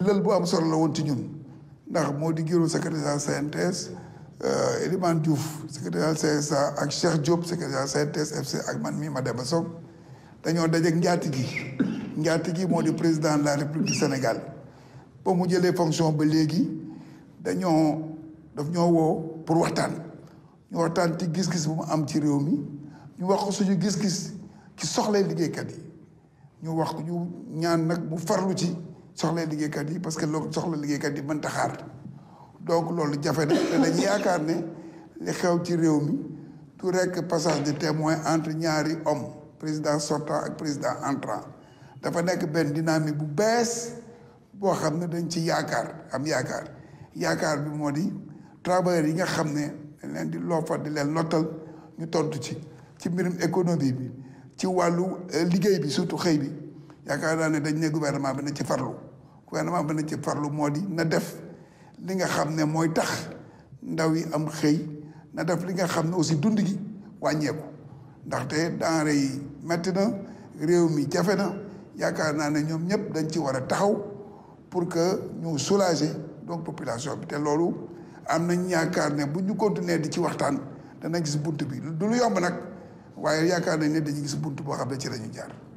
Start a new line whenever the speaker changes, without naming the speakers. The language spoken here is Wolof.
lël bu am solo la woon ci ñun ndax moo di giroon secrétaire CNTS euh, Elimane Diouf secrétaire CSA ak Cheikh Diop secrétaire CNTS FC ak man mii Mademba Sock dañoo dajeek njaati gi njaati gi moo di président la République du Sénégal ba mu jëlee fonction ba léegi dañoo daf ñoo woo pour waxtaan ñu waxtaan ci gis-gis bu mu am ci réew mi ñu wax ko suñu gis-gis ci soxlay liggéeykat yi ñu wax ñu ñaan nag mu farlu ci soxla liggéeykat yi parce que loolu soxla liggéeykat yi mën taxaar donc loolu jafe na te yaakaar ne li xew ci réew mi du rekk passage de témoin entre ñaari homme président sortant ak président entrant dafa nekk benn dynamique bu bees boo xam ne dañ ci yaakaar am yaakaar yaakaar bi moo di travailleurs yi nga xam ne dañ leen di loofa di leen lottal ñu tontu ci ci mbirum économie bi ci wàllu euh, liggéey bi surtout xëy bi yaakaar naa ne dañ ne gouvernement bi na ci farlu gouvernement bi na ci farlu moo di na def li nga xam ne mooy tax ndaw yi am xëy na def li nga xam ne aussi dund gi wàññeeku ndaxte denrée yi metti na réew mi jafe na yaakaar naa ne ñoom ñëpp dañ ci war a taxaw pour que ñu donc population bi te loolu am nañ yaakaar ne bu ñu continuer di ci waxtaan dana gis bunt bi du lu yomb nag waaye yaakaar nañ ne dañu gis bunt boo xam ne ci la ñu jaar.